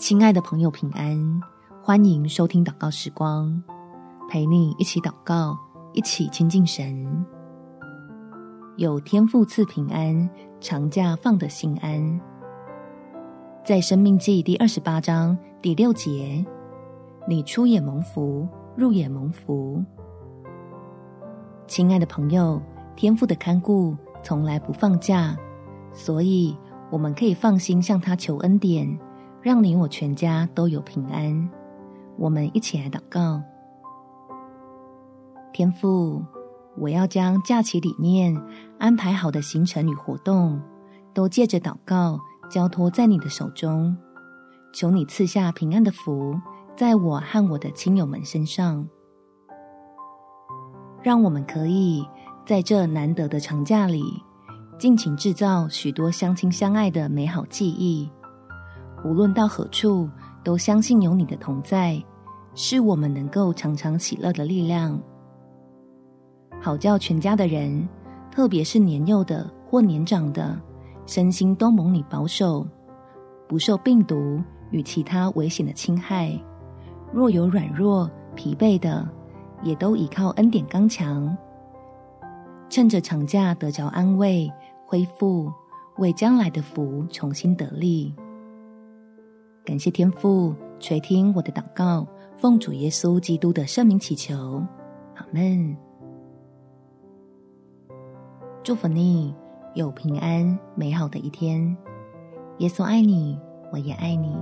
親愛的朋友，平安！歡迎收聽禱告時光，陪你一起禱告，一起親近神。有天父賜平安，長假放得心安。在《申命記》第二十八章第六節：“你出也蒙福，入也蒙福。”親愛的朋友，天父的看顧從來不放假，所以我們可以放心向他求恩典。讓你我全家都有平安。我們一起來禱告，天父，我要將假期裡面安排好的行程與活動，都借着禱告交托在你的手中。求你賜下平安的福，在我和我的親友們身上，讓我們可以在這難得的長假裡，盡情製造許多相親相愛的美好記憶。無論到何處，都相信有你的同在，是我們能夠常常喜樂的力量。好叫全家的人，特別是年幼的或年長的，身心都蒙你保守，不受病毒與其他危險的侵害。若有軟弱、疲憊的，也都倚靠恩典剛強。趁着長假得着安慰、恢復，為將來的福重新得力。感謝天父垂聽我的禱告，奉主耶穌基督的聖名祈求，阿門。祝福你有平安美好的一天。耶穌愛你，我也愛你。